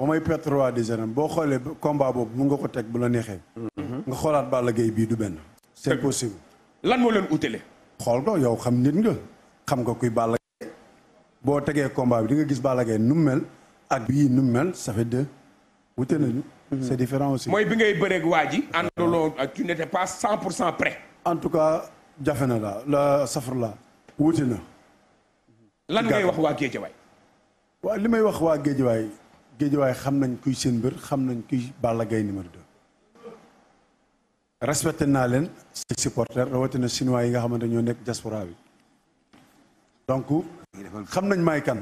ba may perte roi des arènes boo xoolee combat boobu mun nga ko teg bu la neexee. Mhm. nga xoolaat Balla Gaye bii du benn. c'est possible. lan moo leen utile. xool ko yow xam nit nga xam nga kuy Balla Gaye boo tegee combat bi di nga gis Balla Gaye nu mel ak bii nu mel ça fait deux wute nañu. Mhm. c'est différent aussi. mooy bi ngay bëreeg waa ji. àndaloo tu n'étais pas 100% prêt. en tout cas jafe na la la safar la wute na. lan ngay wax waa Géejawaay. waaw li may wax waa Géejawaay. géejawaay xam nañ kuy seen mbër xam nañ kuy Balla Gaye numéro 2. respecté naa leen say supporters rawatina chinois yi nga xamante ñoo nekk diaspora bi donc xam nañ may kan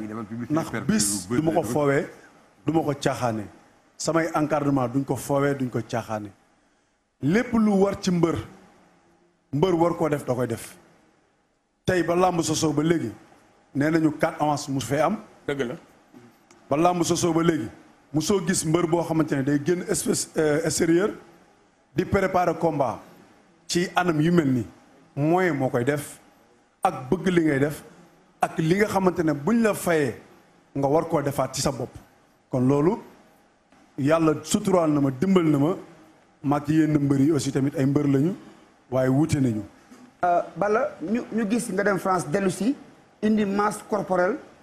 ndax bis du ma ko foowee duma ko caaxaane samay encardement duñ ko foowee duñ ko caaxaane lépp lu war ci mbër mbër war koo def da koy def tey ba làmb sosoo ba léegi nee nañu quatre avance mu fee am dëgg la ba làmb sosoo ba léegi mu soo gis mbër boo xamante ne day génn espèce euh, extérieur di préparer combat ci anam yu mel ni moyen moo koy def ak bëgg li ngay def ak li nga xamante ne buñ la fayee nga war koo defaat ci sa bopp kon loolu yàlla suturaal na ma dimbal na ma mag yenn mbër yi aussi tamit ay mbër lañu waaye wuute nañu. Euh, bala ñu ñu gis nga dem France dellu si indi masse corporelle.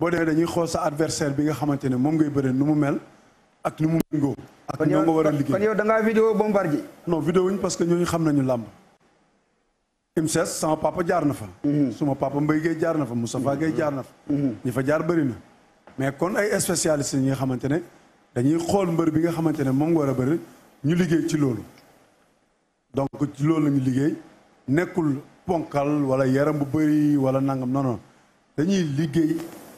boo demee dañuy xool sa adversaire bi nga xamante ne moom ngay bëre nu mu mel ak ñu mu méngoo ak ñoo nga war a liggéey kon yow da ngaa vidéo Bombardier non vidéo parce que ñooñu xam nañu làmb IMSES sama papa jaar na fa mhm. suma papa Mbaye Gueye jaar na fa Moustapha mhm. Gueye jaar na fa mhm. ñi fa jaar bëri na mais kon ay spécialistes ñi nga xamante ne dañuy xool mbër bi nga xamante ne moom nga war a bëri ñu liggéey ci loolu donc ci loolu la ñu liggéey nekkul ponkal wala yaram bu bëri wala nangam non non liggéey